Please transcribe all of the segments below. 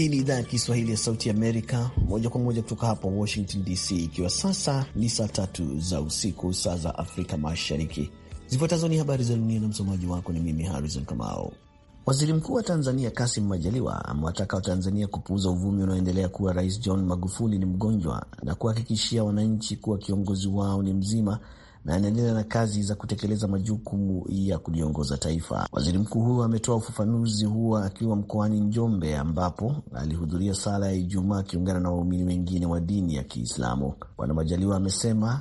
Hii ni idhaa ya Kiswahili ya Sauti Amerika, moja kwa moja kutoka hapa Washington DC, ikiwa sasa ni saa tatu za usiku, saa za Afrika Mashariki. Zifuatazo ni habari za dunia, na msomaji wako ni mimi Harrison Kamao. Waziri Mkuu wa Tanzania Kasim Majaliwa amewataka Watanzania kupuuza uvumi unaoendelea kuwa Rais John Magufuli ni mgonjwa na kuhakikishia wananchi kuwa kiongozi wao ni mzima na anaendelea na kazi za kutekeleza majukumu ya kuliongoza taifa. Waziri mkuu huyo ametoa ufafanuzi huo akiwa mkoani Njombe, ambapo alihudhuria sala ya Ijumaa akiungana na waumini wengine wa dini ya Kiislamu. Bwana Majaliwa amesema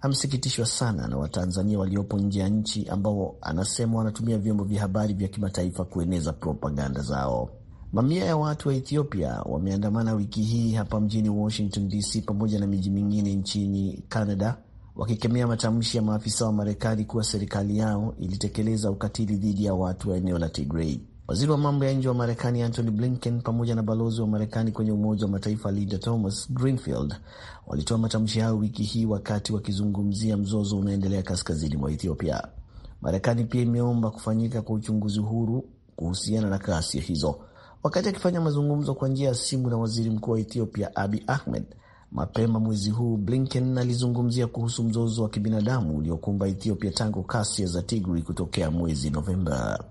amesikitishwa sana na Watanzania waliopo nje ya nchi ambao anasema wanatumia vyombo vya habari vya kimataifa kueneza propaganda zao. Mamia ya watu wa Ethiopia wameandamana wiki hii hapa mjini Washington DC pamoja na miji mingine nchini Canada wakikemea matamshi ya maafisa wa Marekani kuwa serikali yao ilitekeleza ukatili dhidi ya watu wa eneo la Tigrei. Waziri wa mambo ya nje wa Marekani Antony Blinken pamoja na balozi wa Marekani kwenye Umoja wa Mataifa Linda Thomas Greenfield walitoa matamshi hayo wiki hii wakati wakizungumzia mzozo unaendelea kaskazini mwa Ethiopia. Marekani pia imeomba kufanyika kwa uchunguzi huru kuhusiana na ghasia hizo. Wakati akifanya mazungumzo kwa njia ya simu na waziri mkuu wa Ethiopia Abi Ahmed, Mapema mwezi huu, Blinken alizungumzia kuhusu mzozo wa kibinadamu uliokumba Ethiopia tangu kasia za tigri kutokea mwezi Novemba.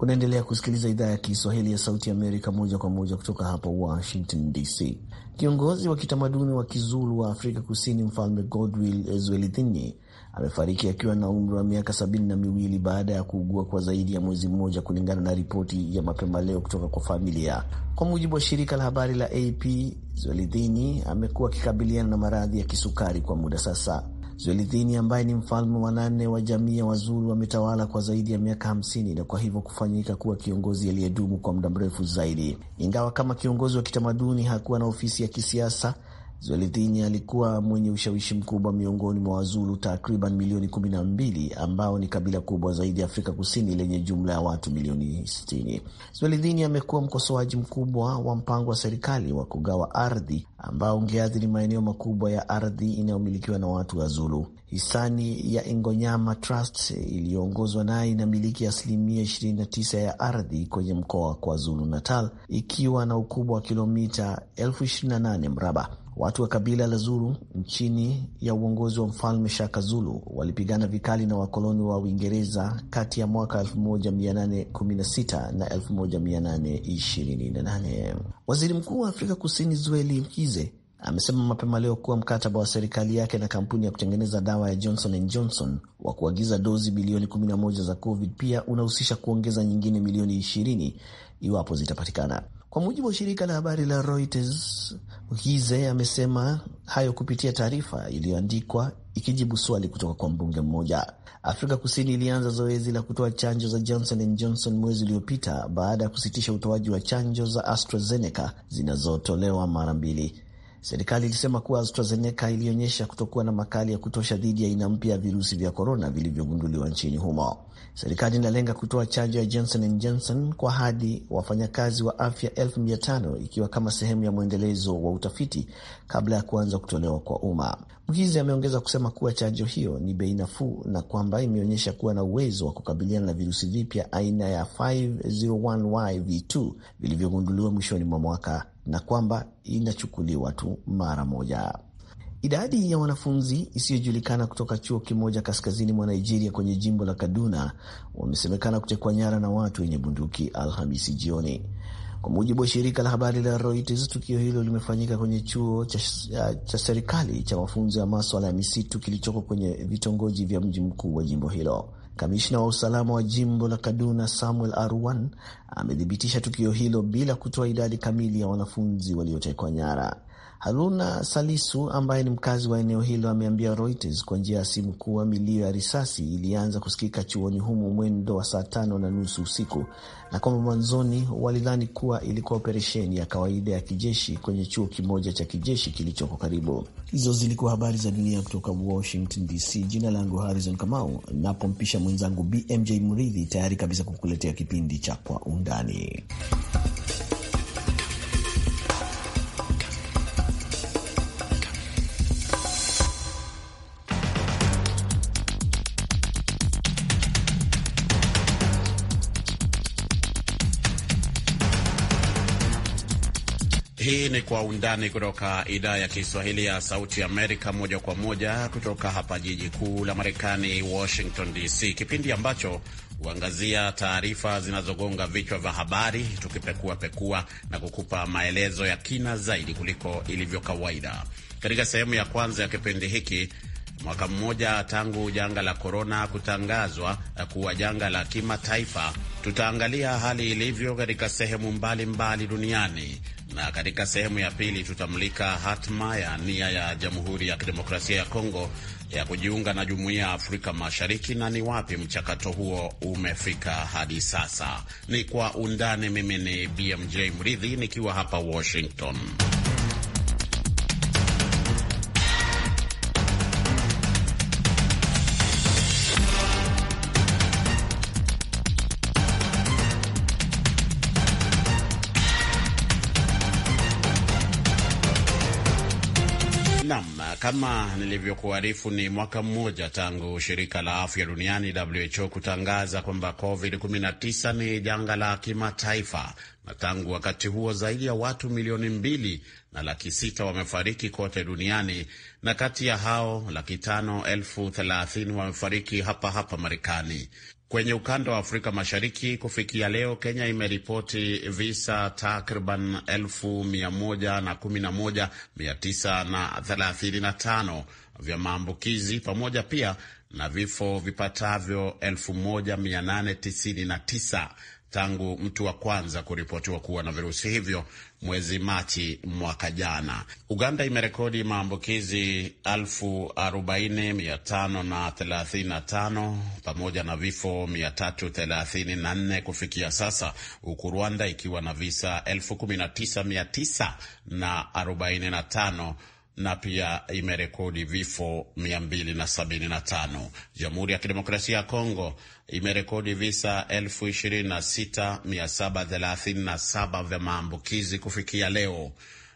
Unaendelea kusikiliza idhaa ya Kiswahili ya Sauti Amerika moja kwa moja kutoka hapa Washington DC. Kiongozi wa kitamaduni wa Kizulu wa Afrika Kusini, Mfalme Godwill Zwelithini amefariki akiwa na umri wa miaka sabini na miwili baada ya kuugua kwa zaidi ya mwezi mmoja, kulingana na ripoti ya mapema leo kutoka kwa familia. Kwa mujibu wa shirika la habari la AP, Zwelithini amekuwa akikabiliana na maradhi ya kisukari kwa muda sasa. Zwelithini ambaye ni mfalme wa nane wa jamii ya Wazulu ametawala kwa zaidi ya miaka hamsini na kwa hivyo kufanyika kuwa kiongozi aliyedumu kwa muda mrefu zaidi. Ingawa kama kiongozi wa kitamaduni hakuwa na ofisi ya kisiasa, Zwelithini alikuwa mwenye ushawishi mkubwa miongoni mwa Wazulu takriban milioni 12 ambao ni kabila kubwa zaidi ya Afrika Kusini lenye jumla ya watu milioni 60. Zwelithini amekuwa mkosoaji mkubwa wa mpango wa serikali wa kugawa ardhi ambao ungeathiri maeneo makubwa ya ardhi inayomilikiwa na watu Wazulu. Hisani ya Ingonyama Trust iliyoongozwa naye inamiliki asilimia 29 ya ardhi kwenye mkoa wa KwaZulu Natal, ikiwa na ukubwa wa kilomita 28 mraba. Watu wa kabila la Zulu chini ya uongozi wa Mfalme Shaka Zulu walipigana vikali na wakoloni wa Uingereza kati ya mwaka 1816 na 1828. Waziri Mkuu wa Afrika Kusini Zweli Mkhize amesema mapema leo kuwa mkataba wa serikali yake na kampuni ya kutengeneza dawa ya Johnson and Johnson wa kuagiza dozi bilioni 11 za COVID pia unahusisha kuongeza nyingine milioni 20 iwapo zitapatikana. Kwa mujibu wa shirika la habari la Reuters, hize amesema hayo kupitia taarifa iliyoandikwa ikijibu swali kutoka kwa mbunge mmoja. Afrika Kusini ilianza zoezi la kutoa chanjo za Johnson and Johnson mwezi uliopita baada ya kusitisha utoaji wa chanjo za AstraZeneca zinazotolewa mara mbili. Serikali ilisema kuwa AstraZeneca ilionyesha kutokuwa na makali ya kutosha dhidi ya aina mpya ya virusi vya korona vilivyogunduliwa nchini humo. Serikali inalenga kutoa chanjo ya Johnson and Johnson kwa hadi wafanyakazi wa afya elfu mia tano ikiwa kama sehemu ya mwendelezo wa utafiti kabla ya kuanza kutolewa kwa umma. Mkizi ameongeza kusema kuwa chanjo hiyo ni bei nafuu na kwamba imeonyesha kuwa na uwezo wa kukabiliana na virusi vipya aina ya 501yv2 vilivyogunduliwa mwishoni mwa mwaka na kwamba inachukuliwa tu mara moja. Idadi ya wanafunzi isiyojulikana kutoka chuo kimoja kaskazini mwa Nigeria kwenye jimbo la Kaduna wamesemekana kutekwa nyara na watu wenye bunduki Alhamisi jioni, kwa mujibu wa shirika la habari la Reuters. Tukio hilo limefanyika kwenye chuo cha, cha serikali cha mafunzo ya maswala ya misitu kilichoko kwenye vitongoji vya mji mkuu wa jimbo hilo. Kamishna wa usalama wa jimbo la Kaduna Samuel Arwan amethibitisha tukio hilo bila kutoa idadi kamili ya wanafunzi waliotekwa nyara. Haruna Salisu ambaye ni mkazi wa eneo hilo ameambia Reuters kwa njia ya simu kuwa milio ya risasi ilianza kusikika chuoni humo mwendo wa saa tano na nusu usiku na kwamba mwanzoni walidhani kuwa ilikuwa operesheni ya kawaida ya kijeshi kwenye chuo kimoja cha kijeshi kilichoko karibu. Hizo zilikuwa habari za dunia kutoka Washington DC. Jina langu Harrison Kamau, napompisha mwenzangu BMJ Mridhi tayari kabisa kukuletea kipindi cha Kwa Undani. kwa undani kutoka idhaa ya Kiswahili ya Sauti Amerika, moja kwa moja kutoka hapa jiji kuu la Marekani, Washington DC, kipindi ambacho huangazia taarifa zinazogonga vichwa vya habari, tukipekua pekua na kukupa maelezo ya kina zaidi kuliko ilivyo kawaida. Katika sehemu ya kwanza ya kipindi hiki, mwaka mmoja tangu janga la korona kutangazwa kuwa janga la kimataifa, tutaangalia hali ilivyo katika sehemu mbalimbali mbali duniani na katika sehemu ya pili tutamulika hatma ya nia ya Jamhuri ya Kidemokrasia ya Kongo ya kujiunga na Jumuiya ya Afrika Mashariki na ni wapi mchakato huo umefika hadi sasa. Ni kwa undani. Mimi ni BMJ Mridhi nikiwa hapa Washington. Kama nilivyokuarifu, ni mwaka mmoja tangu shirika la afya duniani WHO kutangaza kwamba COVID-19 ni janga la kimataifa, na tangu wakati huo zaidi ya watu milioni mbili na laki sita wamefariki kote duniani, na kati ya hao laki tano elfu thelathini wamefariki hapa hapa Marekani. Kwenye ukanda wa Afrika Mashariki kufikia leo, Kenya imeripoti visa takriban elfu mia moja na kumi na moja mia tisa na thelathini na tano vya maambukizi pamoja pia na vifo vipatavyo elfu moja mia nane tisini na tisa tangu mtu wa kwanza kuripotiwa kuwa na virusi hivyo mwezi Machi mwaka jana. Uganda imerekodi maambukizi 40535 pamoja na vifo 334 kufikia sasa, huku Rwanda ikiwa na visa 19945 na pia imerekodi vifo 275. Jamhuri ya Kidemokrasia ya Kongo imerekodi visa 26737 vya maambukizi kufikia leo.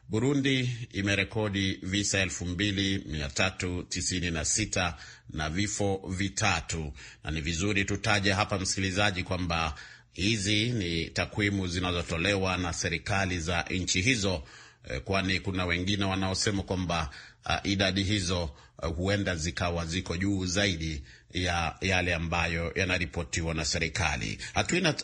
Burundi imerekodi visa 2396 na vifo vitatu, na ni vizuri tutaje hapa, msikilizaji, kwamba hizi ni takwimu zinazotolewa na serikali za nchi hizo Eh, kwani kuna wengine wanaosema kwamba uh, idadi hizo uh, huenda zikawa ziko juu zaidi ya yale ambayo yanaripotiwa na serikali.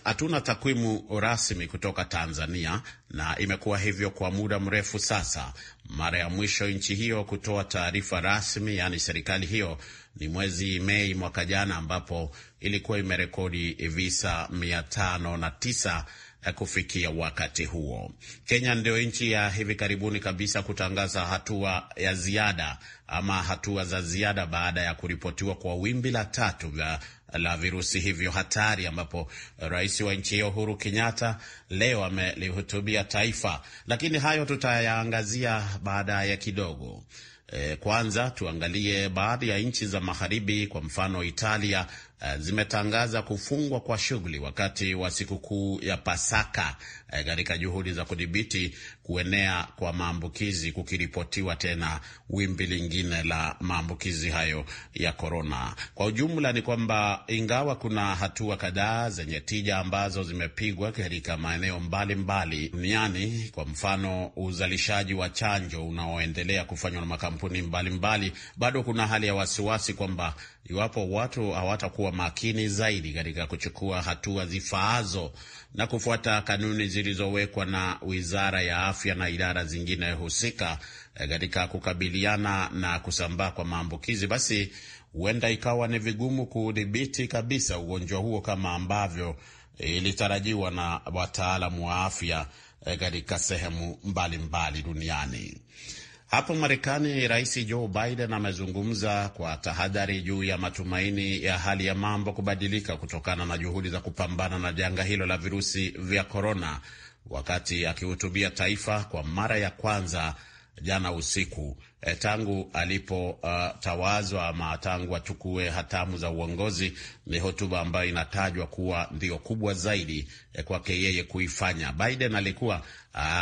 Hatuna takwimu rasmi kutoka Tanzania na imekuwa hivyo kwa muda mrefu sasa. Mara ya mwisho nchi hiyo kutoa taarifa rasmi, yaani serikali hiyo, ni mwezi Mei mwaka jana, ambapo ilikuwa imerekodi visa mia tano na tisa Eh, kufikia wakati huo. Kenya ndio nchi ya hivi karibuni kabisa kutangaza hatua ya ziada ama hatua za ziada baada ya kuripotiwa kwa wimbi la tatu la la virusi hivyo hatari, ambapo rais wa nchi hiyo Uhuru Kenyatta leo amelihutubia taifa, lakini hayo tutayaangazia baadaye kidogo. E, kwanza tuangalie baadhi ya nchi za magharibi, kwa mfano Italia Eh, zimetangaza kufungwa kwa shughuli wakati wa sikukuu ya Pasaka eh, katika juhudi za kudhibiti kuenea kwa maambukizi, kukiripotiwa tena wimbi lingine la maambukizi hayo ya korona. Kwa ujumla ni kwamba ingawa kuna hatua kadhaa zenye tija ambazo zimepigwa katika maeneo mbalimbali duniani, kwa mfano uzalishaji wa chanjo unaoendelea kufanywa na makampuni mbalimbali mbali, bado kuna hali ya wasiwasi kwamba iwapo watu hawatakuwa makini zaidi katika kuchukua hatua zifaazo na kufuata kanuni zilizowekwa na Wizara ya Afya na idara zingine husika eh, katika kukabiliana na kusambaa kwa maambukizi, basi huenda ikawa ni vigumu kudhibiti kabisa ugonjwa huo kama ambavyo eh, ilitarajiwa na wataalamu wa afya eh, katika sehemu mbalimbali mbali duniani. Hapo Marekani, Rais Joe Biden amezungumza kwa tahadhari juu ya matumaini ya hali ya mambo kubadilika kutokana na juhudi za kupambana na janga hilo la virusi vya korona, wakati akihutubia taifa kwa mara ya kwanza jana usiku e, tangu alipotawazwa uh, ama tangu achukue hatamu za uongozi. Ni hotuba ambayo inatajwa kuwa ndio kubwa zaidi e, kwake yeye kuifanya. Biden alikuwa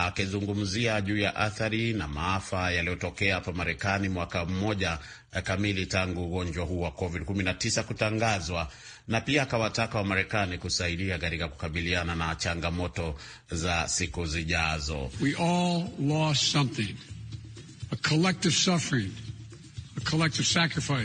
akizungumzia juu ya athari na maafa yaliyotokea hapa Marekani mwaka mmoja eh, kamili tangu ugonjwa huu wa COVID-19 kutangazwa, na pia akawataka wa marekani kusaidia katika kukabiliana na changamoto za siku zijazo. We all lost something. A collective suffering.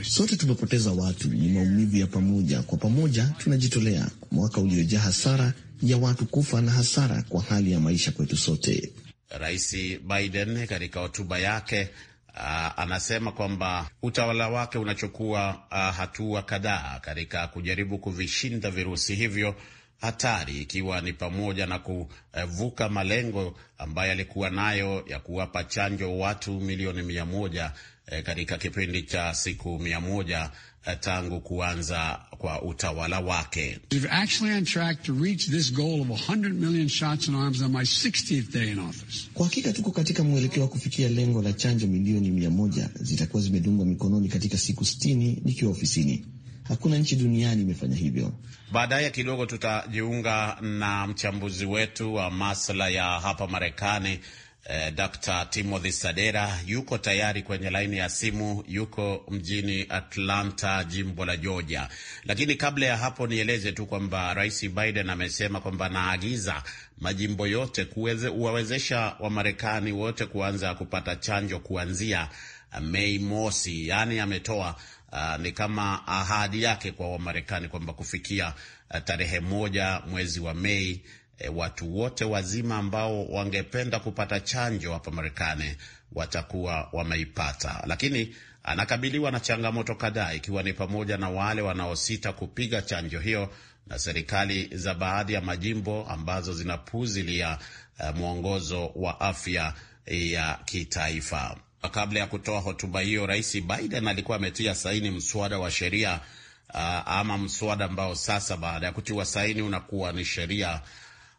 Sote tumepoteza watu, ni maumivu ya pamoja. Kwa pamoja tunajitolea, mwaka uliojaa hasara ya watu kufa na hasara kwa hali ya maisha kwetu sote. Rais Biden katika hotuba yake Uh, anasema kwamba utawala wake unachukua uh, hatua kadhaa katika kujaribu kuvishinda virusi hivyo hatari, ikiwa ni pamoja na kuvuka malengo ambayo alikuwa nayo ya kuwapa chanjo watu milioni mia moja e, katika kipindi cha siku mia moja Eh, tangu kuanza kwa utawala wake. Kwa hakika tuko katika mwelekeo wa kufikia lengo la chanjo milioni mia moja zitakuwa zimedungwa mikononi katika siku sitini nikiwa ofisini. Hakuna nchi duniani imefanya hivyo. Baadaye kidogo tutajiunga na mchambuzi wetu wa masuala ya hapa Marekani Eh, Dr. Timothy Sadera yuko tayari kwenye laini ya simu, yuko mjini Atlanta, jimbo la Georgia. Lakini kabla ya hapo, nieleze tu kwamba Rais Biden amesema kwamba anaagiza majimbo yote kuwawezesha Wamarekani wote kuanza kupata chanjo kuanzia Mei mosi, yaani ametoa Uh, ni kama ahadi yake kwa Wamarekani kwamba kufikia uh, tarehe moja mwezi wa Mei e, watu wote wazima ambao wangependa kupata chanjo hapa Marekani watakuwa wameipata, lakini anakabiliwa na changamoto kadhaa, ikiwa ni pamoja na wale wanaosita kupiga chanjo hiyo na serikali za baadhi ya majimbo ambazo zinapuzilia uh, mwongozo wa afya ya kitaifa. Kabla ya kutoa hotuba hiyo, Rais Biden alikuwa ametia saini mswada wa sheria uh, ama mswada ambao sasa baada ya kutiwa saini unakuwa ni sheria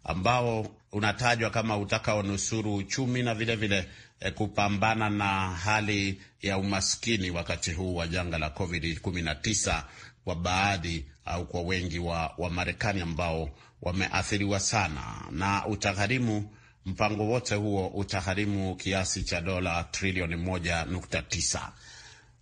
ambao unatajwa kama utakaonusuru uchumi na vilevile vile eh, kupambana na hali ya umaskini wakati huu wa janga la COVID-19 kwa baadhi au kwa wengi wa Wamarekani ambao wameathiriwa sana, na utagharimu mpango wote huo utagharimu kiasi cha dola trilioni 1.9.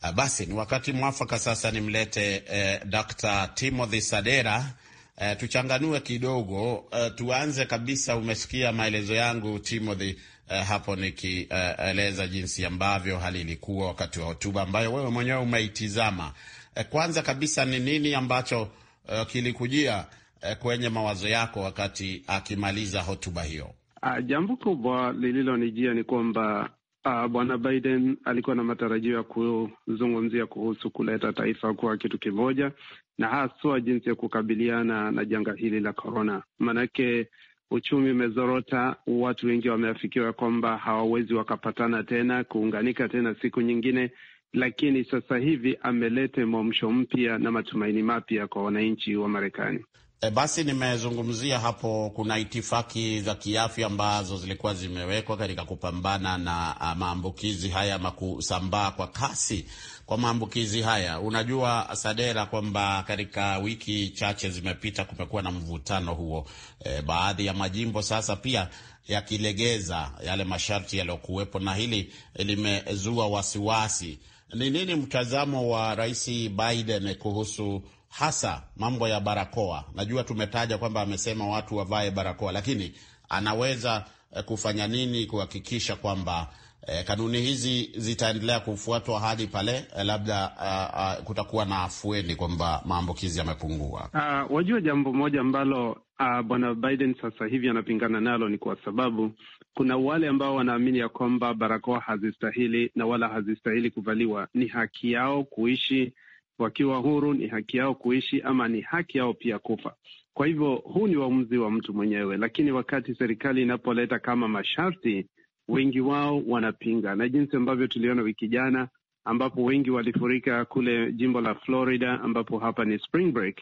Ah, basi ni wakati mwafaka sasa nimlete eh, Dr. Timothy Sadera Uh, tuchanganue kidogo uh, tuanze kabisa. Umesikia maelezo yangu Timothy, uh, hapo nikieleza uh, jinsi ambavyo hali ilikuwa wakati wa hotuba ambayo wewe mwenyewe umeitizama. Uh, kwanza kabisa ni nini ambacho uh, kilikujia uh, kwenye mawazo yako wakati akimaliza uh, hotuba hiyo? Uh, jambo kubwa lililonijia ni kwamba uh, bwana Biden alikuwa na matarajio ya kuzungumzia kuhusu kuleta taifa kuwa kitu kimoja na haswa jinsi ya kukabiliana na janga hili la korona. Maanake uchumi umezorota, watu wengi wameafikiwa kwamba hawawezi wakapatana tena, kuunganika tena siku nyingine, lakini sasa hivi amelete mwamsho mpya na matumaini mapya kwa wananchi wa Marekani. E, basi nimezungumzia hapo, kuna itifaki za kiafya ambazo zilikuwa zimewekwa katika kupambana na ah, maambukizi haya makusambaa kwa kasi kwa maambukizi haya. Unajua Sadera, kwamba katika wiki chache zimepita kumekuwa na mvutano huo. E, baadhi ya majimbo sasa pia yakilegeza yale masharti yaliyokuwepo, na hili limezua wasiwasi. Ni nini mtazamo wa Rais Biden kuhusu hasa mambo ya barakoa. Najua tumetaja kwamba amesema watu wavae barakoa, lakini anaweza eh, kufanya nini kuhakikisha kwamba eh, kanuni hizi zitaendelea kufuatwa hadi pale eh, labda uh, uh, kutakuwa na afueni kwamba maambukizi yamepungua? Uh, wajua jambo moja ambalo uh, bwana Biden sasa hivi anapingana nalo ni kwa sababu kuna wale ambao wanaamini ya kwamba barakoa hazistahili na wala hazistahili kuvaliwa. Ni haki yao kuishi wakiwa huru, ni haki yao kuishi ama ni haki yao pia kufa. Kwa hivyo huu ni uamuzi wa mtu mwenyewe, lakini wakati serikali inapoleta kama masharti, wengi wao wanapinga, na jinsi ambavyo tuliona wiki jana, ambapo wengi walifurika kule jimbo la Florida, ambapo hapa ni spring break.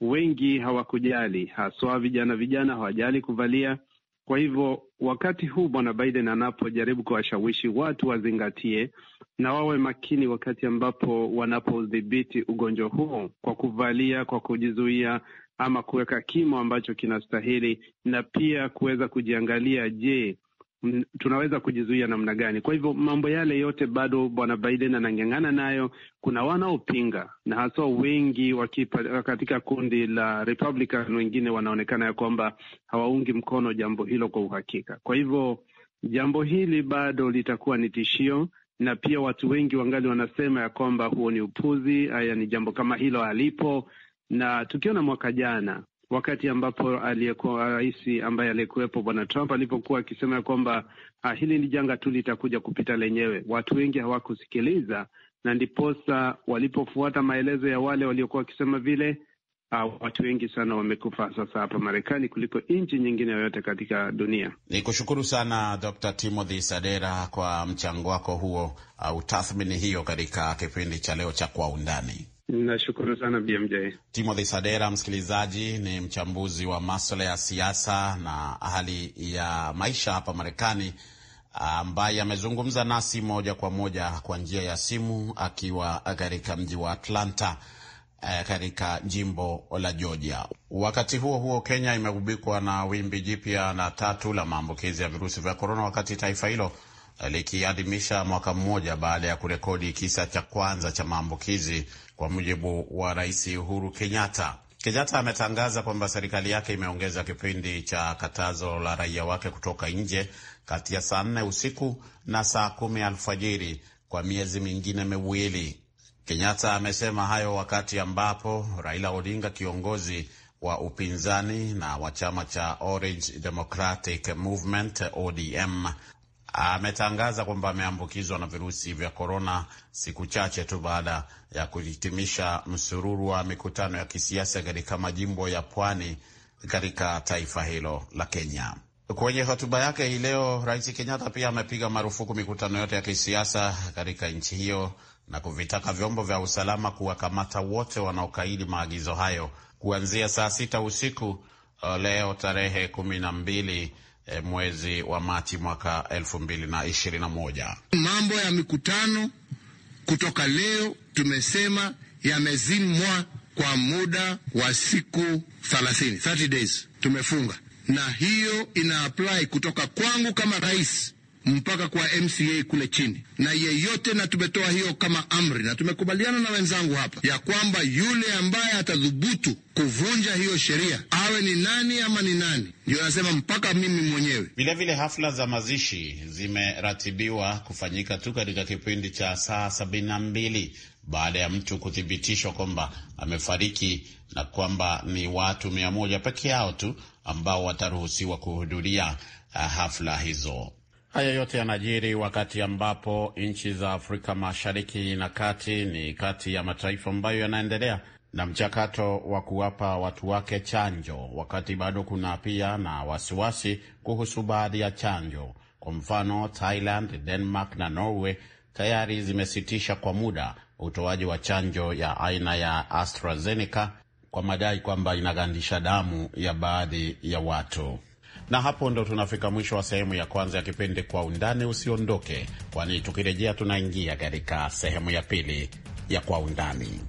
Wengi hawakujali, haswa vijana vijana hawajali kuvalia kwa hivyo wakati huu bwana Biden anapojaribu kuwashawishi watu wazingatie na wawe makini wakati ambapo wanapodhibiti ugonjwa huo kwa kuvalia, kwa kujizuia ama kuweka kimo ambacho kinastahili, na pia kuweza kujiangalia, je, tunaweza kujizuia namna gani? Kwa hivyo mambo yale yote bado bwana Biden anang'ang'ana nayo. Kuna wanaopinga na haswa wengi wakipa, katika kundi la Republican, wengine wanaonekana ya kwamba hawaungi mkono jambo hilo kwa uhakika. Kwa hivyo jambo hili bado litakuwa ni tishio, na pia watu wengi wangali wanasema ya kwamba huo ni upuzi, haya ni jambo kama hilo halipo, na tukiona mwaka jana wakati ambapo aliyekuwa rais ambaye aliyekuwepo Bwana Trump alipokuwa akisema ya kwamba ah, hili ni janga tu litakuja kupita lenyewe. Watu wengi hawakusikiliza, na ndiposa walipofuata maelezo ya wale waliokuwa wakisema vile, ah, watu wengi sana wamekufa sasa hapa Marekani kuliko nchi nyingine yoyote katika dunia. Ni kushukuru sana Dr. Timothy Sadera kwa mchango wako huo au tathmini hiyo katika kipindi cha leo cha Kwa Undani. Nashukuru sana BMJ. Timothy Sadera, msikilizaji, ni mchambuzi wa maswala ya siasa na hali ya maisha hapa Marekani, ambaye amezungumza nasi moja kwa moja kwa njia ya simu akiwa katika mji wa Atlanta eh, katika jimbo la Georgia. Wakati huo huo, Kenya imegubikwa na wimbi jipya na tatu la maambukizi ya virusi vya korona, wakati taifa hilo likiadhimisha mwaka mmoja baada ya kurekodi kisa cha kwanza cha maambukizi, kwa mujibu wa Rais Uhuru Kenyatta. Kenyatta ametangaza kwamba serikali yake imeongeza kipindi cha katazo la raia wake kutoka nje kati ya saa nne usiku na saa kumi alfajiri kwa miezi mingine miwili. Kenyatta amesema hayo wakati ambapo Raila Odinga, kiongozi wa upinzani na wa chama cha Orange Democratic Movement ODM, ametangaza kwamba ameambukizwa na virusi vya korona siku chache tu baada ya kuhitimisha msururu wa mikutano ya kisiasa katika majimbo ya pwani katika taifa hilo la Kenya. Kwenye hotuba yake hii leo, Rais Kenyatta pia amepiga marufuku mikutano yote ya kisiasa katika nchi hiyo na kuvitaka vyombo vya usalama kuwakamata wote wanaokaidi maagizo hayo kuanzia saa sita usiku uh, leo tarehe kumi na mbili E, mwezi wa Machi mwaka elfu mbili na ishirini na moja. Mambo ya mikutano kutoka leo tumesema yamezimwa kwa muda wa siku 30, 30 days tumefunga, na hiyo ina apply kutoka kwangu kama rais mpaka kwa MCA kule chini na yeyote, na tumetoa hiyo kama amri, na tumekubaliana na wenzangu hapa ya kwamba yule ambaye atadhubutu kuvunja hiyo sheria awe ni nani ama ni nani, ndio nasema mpaka mimi mwenyewe. Vilevile hafla za mazishi zimeratibiwa kufanyika tu katika kipindi cha saa sabini na mbili baada ya mtu kuthibitishwa kwamba amefariki na kwamba ni watu mia moja peke yao tu ambao wataruhusiwa kuhudhuria ah, hafla hizo. Haya yote yanajiri wakati ambapo nchi za Afrika Mashariki na Kati ni kati ya mataifa ambayo yanaendelea na mchakato wa kuwapa watu wake chanjo, wakati bado kuna pia na wasiwasi kuhusu baadhi ya chanjo. Kwa mfano, Thailand, Denmark na Norway tayari zimesitisha kwa muda utoaji wa chanjo ya aina ya AstraZeneca kwa madai kwamba inagandisha damu ya baadhi ya watu. Na hapo ndo tunafika mwisho wa sehemu ya kwanza ya kipindi Kwa Undani. Usiondoke, kwani tukirejea tunaingia katika sehemu ya pili ya Kwa Undani.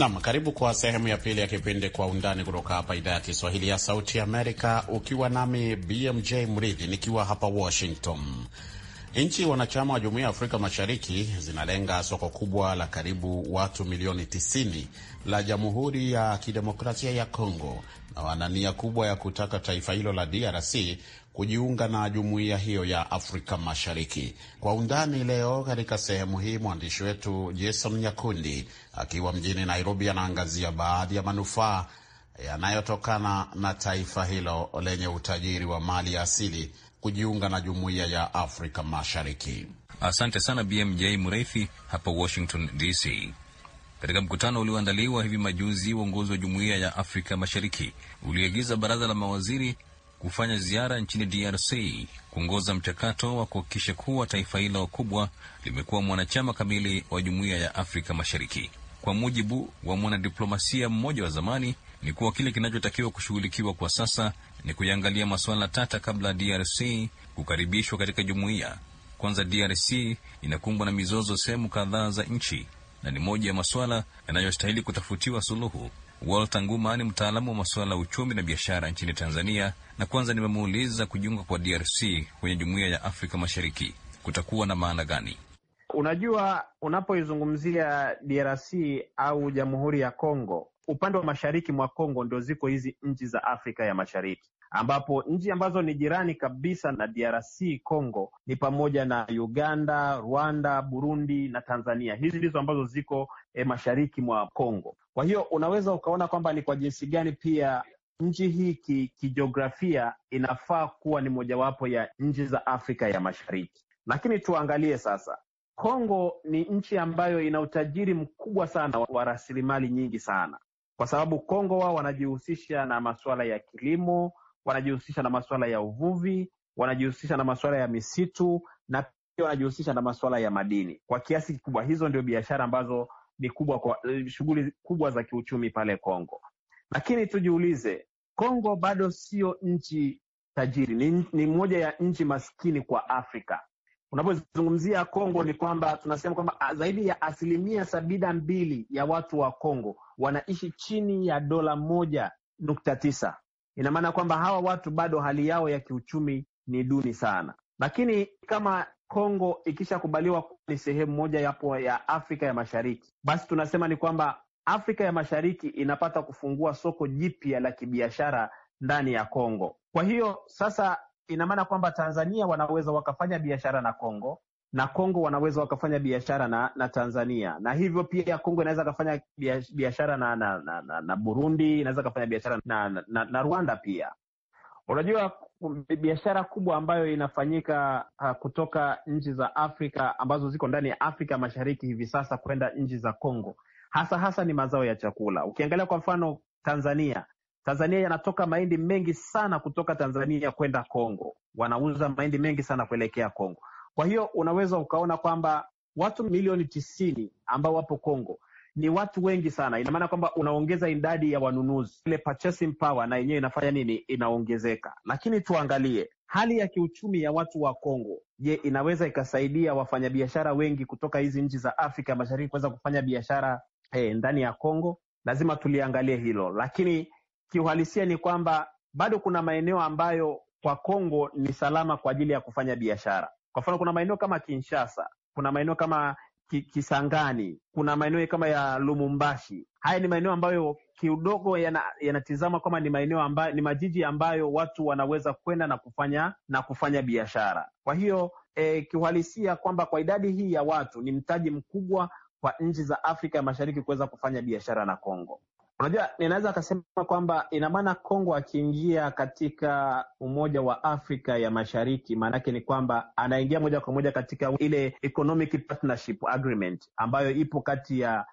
Nam, karibu kwa sehemu ya pili ya kipindi Kwa Undani kutoka hapa idhaa ya Kiswahili ya Sauti Amerika, ukiwa nami BMJ Mridhi nikiwa hapa Washington. Nchi wanachama wa Jumuiya ya Afrika Mashariki zinalenga soko kubwa la karibu watu milioni 90 la Jamhuri ya Kidemokrasia ya Kongo na wana nia kubwa ya kutaka taifa hilo la DRC kujiunga na jumuiya hiyo ya Afrika Mashariki. Kwa undani leo katika sehemu hii, mwandishi wetu Jason Nyakundi akiwa mjini Nairobi anaangazia baadhi ya manufaa yanayotokana na taifa hilo lenye utajiri wa mali ya asili kujiunga na jumuiya ya Afrika Mashariki. Asante sana BMJ Mreithi hapa Washington DC. Katika mkutano ulioandaliwa hivi majuzi, uongozi wa Jumuiya ya Afrika Mashariki uliagiza baraza la mawaziri kufanya ziara nchini DRC kuongoza mchakato wa kuhakikisha kuwa taifa hilo kubwa limekuwa mwanachama kamili wa Jumuiya ya Afrika Mashariki. Kwa mujibu wa mwanadiplomasia mmoja wa zamani, ni kuwa kile kinachotakiwa kushughulikiwa kwa sasa ni kuiangalia masuala tata kabla DRC kukaribishwa katika jumuiya. Kwanza, DRC inakumbwa na mizozo sehemu kadhaa za nchi na ni moja ya masuala yanayostahili kutafutiwa suluhu. Walter Nguma ni mtaalamu wa masuala ya uchumi na biashara nchini Tanzania, na kwanza nimemuuliza kujiunga kwa DRC kwenye jumuiya ya Afrika Mashariki kutakuwa na maana gani? Unajua, unapoizungumzia DRC au Jamhuri ya Kongo, upande wa mashariki mwa Kongo ndio ziko hizi nchi za Afrika ya Mashariki ambapo nchi ambazo ni jirani kabisa na DRC Congo ni pamoja na Uganda, Rwanda, Burundi na Tanzania. Hizi ndizo ambazo ziko e, mashariki mwa Congo. Kwa hiyo unaweza ukaona kwamba ni kwa jinsi gani pia nchi hii ki, kijiografia inafaa kuwa ni mojawapo ya nchi za Afrika ya Mashariki. Lakini tuangalie sasa, Kongo ni nchi ambayo ina utajiri mkubwa sana wa rasilimali nyingi sana, kwa sababu Kongo wao wanajihusisha na masuala ya kilimo, wanajihusisha na masuala ya uvuvi, wanajihusisha na masuala ya misitu na pia wanajihusisha na masuala ya madini kwa kiasi kikubwa. Hizo ndio biashara ambazo ni kubwa kwa eh, shughuli kubwa za kiuchumi pale Kongo. Lakini tujiulize, Kongo bado sio nchi tajiri, ni, ni moja ya nchi maskini kwa Afrika. Unapozungumzia Kongo ni kwamba tunasema kwamba ah, zaidi ya asilimia sabini na mbili ya watu wa Kongo wanaishi chini ya dola moja nukta tisa ina maana kwamba hawa watu bado hali yao ya kiuchumi ni duni sana, lakini kama Kongo ikishakubaliwa ni sehemu moja yapo ya Afrika ya Mashariki, basi tunasema ni kwamba Afrika ya Mashariki inapata kufungua soko jipya la kibiashara ndani ya Kongo. Kwa hiyo sasa, ina maana kwamba Tanzania wanaweza wakafanya biashara na Kongo, na Kongo wanaweza wakafanya biashara na, na Tanzania na hivyo pia Kongo inaweza kafanya biashara na, na, na, na Burundi, inaweza kafanya biashara na, na, na Rwanda pia. Unajua biashara kubwa ambayo inafanyika uh, kutoka nchi za Afrika ambazo ziko ndani ya Afrika Mashariki hivi sasa kwenda nchi za Kongo hasa hasa ni mazao ya chakula. Ukiangalia kwa mfano Tanzania, Tanzania yanatoka mahindi mengi sana kutoka Tanzania kwenda Kongo, wanauza mahindi mengi sana kuelekea Kongo. Kwa hiyo unaweza ukaona kwamba watu milioni tisini ambao wapo Kongo ni watu wengi sana. Ina maana kwamba unaongeza idadi ya wanunuzi, ile purchasing power na yenyewe inafanya nini? Inaongezeka. Lakini tuangalie hali ya kiuchumi ya watu wa Kongo. Je, inaweza ikasaidia wafanyabiashara wengi kutoka hizi nchi za Afrika Mashariki kuweza kufanya biashara eh, ndani ya Kongo? Lazima tuliangalie hilo, lakini kiuhalisia ni kwamba bado kuna maeneo ambayo kwa Kongo ni salama kwa ajili ya kufanya biashara. Kwa mfano kuna maeneo kama Kinshasa, kuna maeneo kama Kisangani, kuna maeneo kama ya Lumumbashi. Haya ni maeneo ambayo kiudogo yanatizama yana kama ni maeneo ambayo ni majiji ambayo watu wanaweza kwenda na kufanya na kufanya biashara. Kwa hiyo e, kiuhalisia kwamba kwa idadi hii ya watu ni mtaji mkubwa kwa nchi za Afrika ya Mashariki kuweza kufanya biashara na Kongo. Unajua, ninaweza akasema kwamba ina maana Kongo akiingia katika Umoja wa Afrika ya Mashariki, maanake ni kwamba anaingia moja kwa moja katika ile Economic Partnership Agreement ambayo ipo kati ya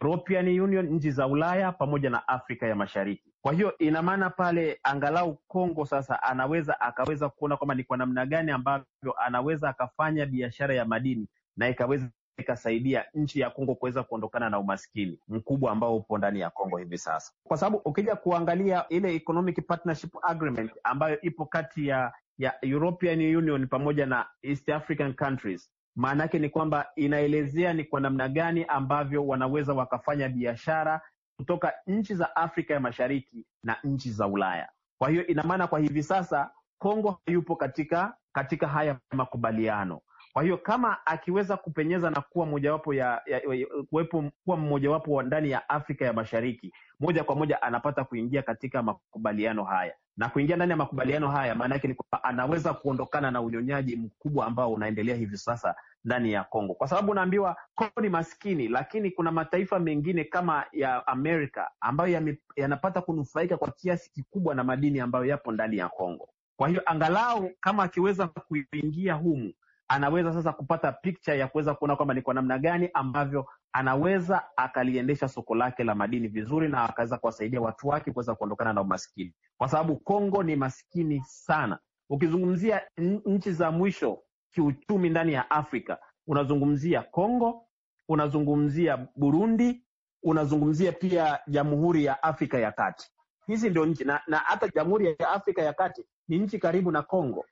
European Union, nchi za Ulaya pamoja na Afrika ya Mashariki. Kwa hiyo ina maana pale angalau Kongo sasa anaweza akaweza kuona kwamba ni kwa namna gani ambavyo anaweza akafanya biashara ya madini na ikaweza ikasaidia nchi ya Kongo kuweza kuondokana na umaskini mkubwa ambao upo ndani ya Kongo hivi sasa, kwa sababu ukija kuangalia ile Economic Partnership Agreement ambayo ipo kati ya ya European Union pamoja na East African countries maana yake ni kwamba inaelezea ni kwa namna gani ambavyo wanaweza wakafanya biashara kutoka nchi za Afrika ya Mashariki na nchi za Ulaya. Kwa hiyo ina maana kwa hivi sasa Kongo hayupo katika katika haya makubaliano, kwa hiyo kama akiweza kupenyeza na kuwa mojawapo ya, ya, ya kuwepo kuwa mmojawapo wa ndani ya Afrika ya Mashariki, moja kwa moja anapata kuingia katika makubaliano haya, na kuingia ndani ya makubaliano haya maana yake ni kwamba anaweza kuondokana na unyonyaji mkubwa ambao unaendelea hivi sasa ndani ya Kongo, kwa sababu unaambiwa Kongo ni maskini, lakini kuna mataifa mengine kama ya Amerika ambayo yanapata ya kunufaika kwa kiasi kikubwa na madini ambayo yapo ndani ya Kongo. Kwa hiyo angalau kama akiweza kuingia humu anaweza sasa kupata picha ya kuweza kuona kwamba ni kwa namna gani ambavyo anaweza akaliendesha soko lake la madini vizuri na akaweza kuwasaidia watu wake kuweza kuondokana na umaskini, kwa sababu Kongo ni maskini sana. Ukizungumzia nchi za mwisho kiuchumi ndani ya Afrika, unazungumzia Kongo, unazungumzia Burundi, unazungumzia pia Jamhuri ya Afrika ya Kati. Hizi ndio nchi na, na hata Jamhuri ya Afrika ya Kati ni nchi karibu na Kongo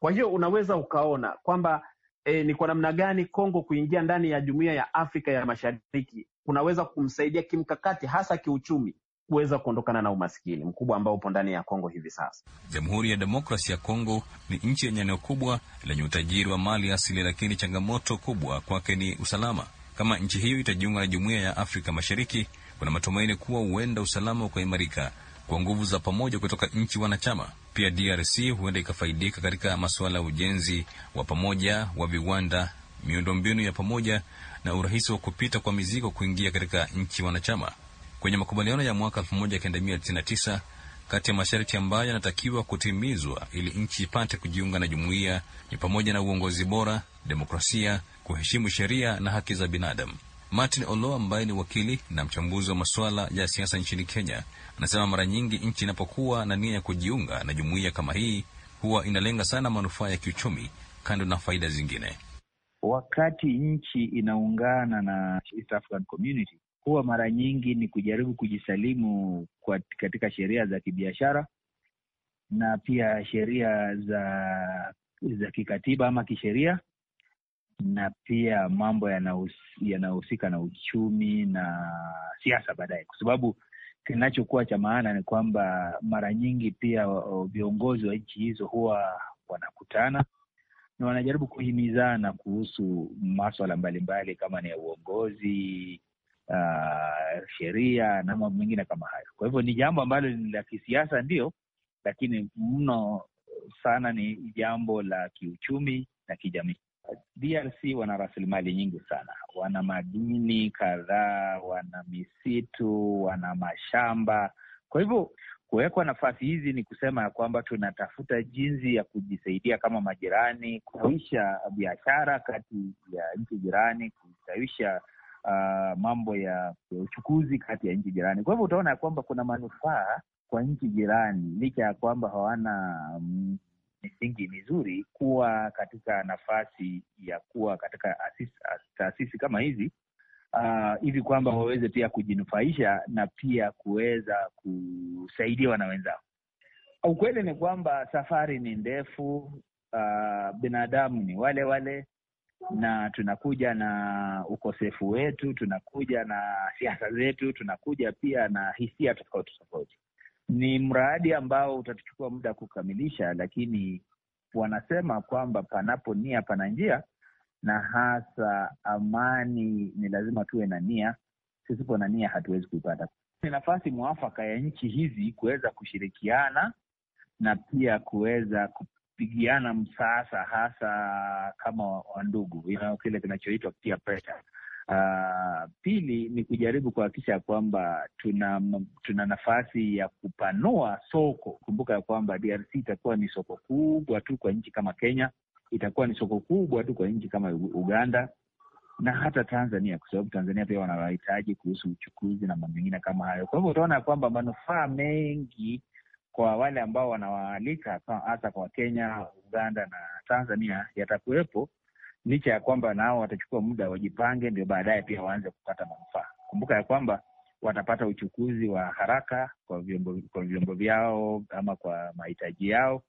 kwa hiyo unaweza ukaona kwamba e, ni kwa namna gani Kongo kuingia ndani ya jumuiya ya Afrika ya Mashariki kunaweza kumsaidia kimkakati, hasa kiuchumi kuweza kuondokana na umaskini mkubwa ambao upo ndani ya Kongo hivi sasa. Jamhuri ya Demokrasi ya Kongo ni nchi yenye eneo kubwa lenye utajiri wa mali asili, lakini changamoto kubwa kwake ni usalama. Kama nchi hiyo itajiunga na jumuiya ya Afrika Mashariki, kuna matumaini kuwa huenda usalama ukaimarika, kwa nguvu za pamoja kutoka nchi wanachama. Pia DRC huenda ikafaidika katika masuala ya ujenzi wa pamoja wa viwanda, miundombinu ya pamoja na urahisi wa kupita kwa mizigo kuingia katika nchi wanachama. Kwenye makubaliano ya mwaka 1999 kati ya masharti ambayo yanatakiwa kutimizwa ili nchi ipate kujiunga na jumuiya ni pamoja na uongozi bora, demokrasia, kuheshimu sheria na haki za binadamu. Martin Olo ambaye ni wakili na mchambuzi wa masuala ya siasa nchini Kenya anasema mara nyingi nchi inapokuwa na nia ya kujiunga na jumuiya kama hii huwa inalenga sana manufaa ya kiuchumi kando na faida zingine. Wakati nchi inaungana na East African Community huwa mara nyingi ni kujaribu kujisalimu kwa katika sheria za kibiashara na pia sheria za za kikatiba ama kisheria na pia mambo yanayohusika ya na uchumi na siasa baadaye, kwa sababu kinachokuwa cha maana ni kwamba mara nyingi pia viongozi wa nchi hizo huwa wanakutana na wanajaribu kuhimizana kuhusu maswala mbalimbali kama ni ya uongozi, uh, sheria na mambo mengine kama hayo. Kwa hivyo ni jambo ambalo ni la kisiasa ndio, lakini mno sana ni jambo la kiuchumi na kijamii. DRC wana rasilimali nyingi sana, wana madini kadhaa, wana misitu, wana mashamba. Kwa hivyo kuwekwa nafasi hizi ni kusema ya kwamba tunatafuta jinsi ya kujisaidia kama majirani, kustawisha biashara kati ya nchi jirani, kustawisha uh, ah, mambo ya uchukuzi kati ya nchi jirani. Kwa hivyo utaona ya kwamba kuna manufaa kwa nchi jirani licha ya kwamba hawana mm, misingi mizuri kuwa katika nafasi ya kuwa katika taasisi kama hizi uh, hivi kwamba waweze pia kujinufaisha na pia kuweza kusaidiwa na wenzao. Ukweli ni kwamba safari ni ndefu. Uh, binadamu ni wale wale na tunakuja na ukosefu wetu, tunakuja na siasa zetu, tunakuja pia na hisia tofauti tofauti. Ni mradi ambao utatuchukua muda kukamilisha, lakini wanasema kwamba panapo nia pana njia, na hasa amani ni lazima tuwe na nia. Sisipo na nia hatuwezi kuipata. Ni nafasi mwafaka ya nchi hizi kuweza kushirikiana na pia kuweza kupigiana msasa, hasa kama wandugu, kile kinachoitwa peer pressure. Uh, pili ni kujaribu kuhakikisha kwamba tuna tuna nafasi ya kupanua soko. Kumbuka ya kwamba DRC itakuwa ni soko kubwa tu kwa nchi kama Kenya, itakuwa ni soko kubwa tu kwa nchi kama Uganda na hata Tanzania, kwa sababu Tanzania pia wanawahitaji kuhusu uchukuzi na mambo mengine kama hayo. Kwa hivyo utaona ya kwamba manufaa mengi kwa wale ambao wanawaalika hasa kwa Kenya, Uganda na Tanzania yatakuwepo licha ya kwamba nao watachukua muda wajipange, ndio baadaye pia waanze kupata manufaa. Kumbuka ya kwamba watapata uchukuzi wa haraka kwa vyombo, kwa vyombo vyao ama kwa mahitaji yao.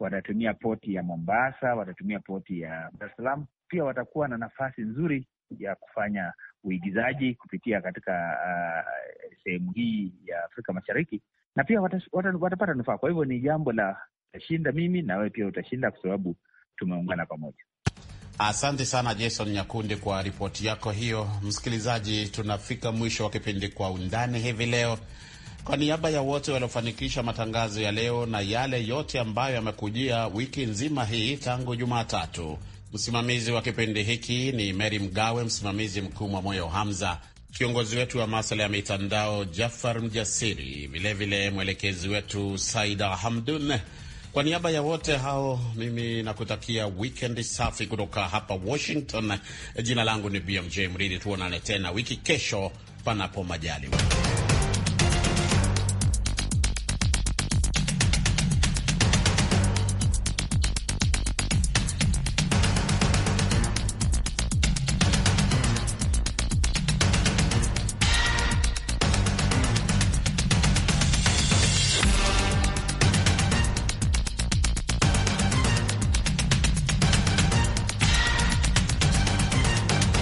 Watatumia poti ya Mombasa, watatumia poti ya Dar es Salaam. Pia watakuwa na nafasi nzuri ya kufanya uigizaji kupitia katika uh, sehemu hii ya Afrika Mashariki, na pia watas, watapata nufaa. Kwa hivyo ni jambo la utashinda mimi na wewe pia utashinda, kwa sababu tumeungana pamoja. Asante sana Jason Nyakundi kwa ripoti yako hiyo. Msikilizaji, tunafika mwisho wa kipindi Kwa Undani hivi leo. Kwa niaba ya wote waliofanikisha matangazo ya leo na yale yote ambayo yamekujia wiki nzima hii tangu Jumatatu, msimamizi wa kipindi hiki ni Mary Mgawe, msimamizi mkuu mwa Moyo Hamza, kiongozi wetu wa masuala ya mitandao Jafar Mjasiri, vilevile mwelekezi wetu Saida Hamdun. Kwa niaba ya wote hao, mimi nakutakia wikendi safi kutoka hapa Washington. Jina langu ni BMJ Mridhi, tuonane tena wiki kesho, panapo majaliwa.